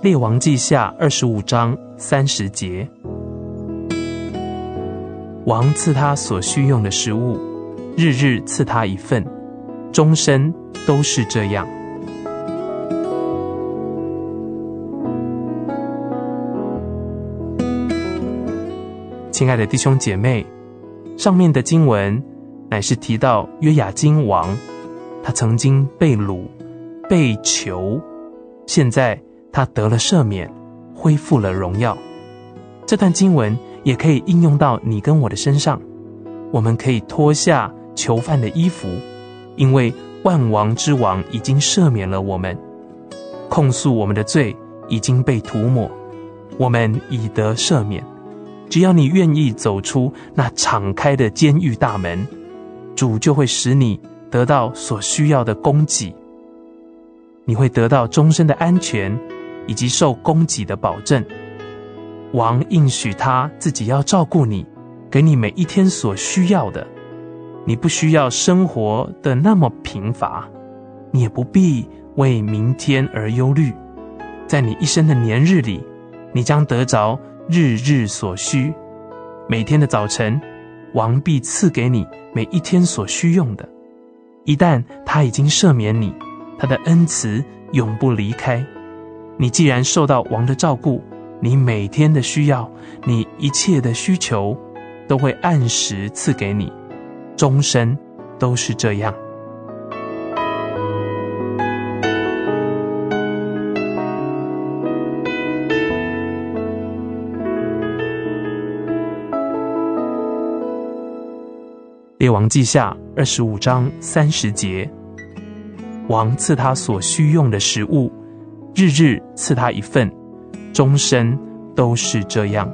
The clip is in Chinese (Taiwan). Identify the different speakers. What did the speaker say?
Speaker 1: 列王記下二十五章三十節，王賜他所需用的食物，日日賜他一份，終身都是這樣。親愛的弟兄姐妹，上面的經文乃是提到約雅斤王，他曾經被擄、被囚，現在。他得了赦免，恢復了榮耀。這段經文也可以應用到你跟我的身上。我們可以脫下囚犯的衣服，因為萬王之王已經赦免了我們，控訴我們的罪已經被塗抹，我們已得赦免。只要你願意走出那敞開的監獄大門，主就會使你得到所需要的供給，你會得到終身的安全。以及受供給的保證，王應許他自己要照顧你，給你每一天所需要的。你不需要生活的那麼貧乏，你也不必為明天而憂慮。在你一生的年日裡，你將得着日日所需。每天的早晨，王必賜給你每一天所需用的。一旦他已經赦免你，他的恩慈永不離開。你既然受到王的照顧，你每天的需要，你一切的需求，都會按時賜給你，終身都是這樣。列王紀下二十五章三十節，王賜他所需用的食物。日日賜他一份，終身都是這樣。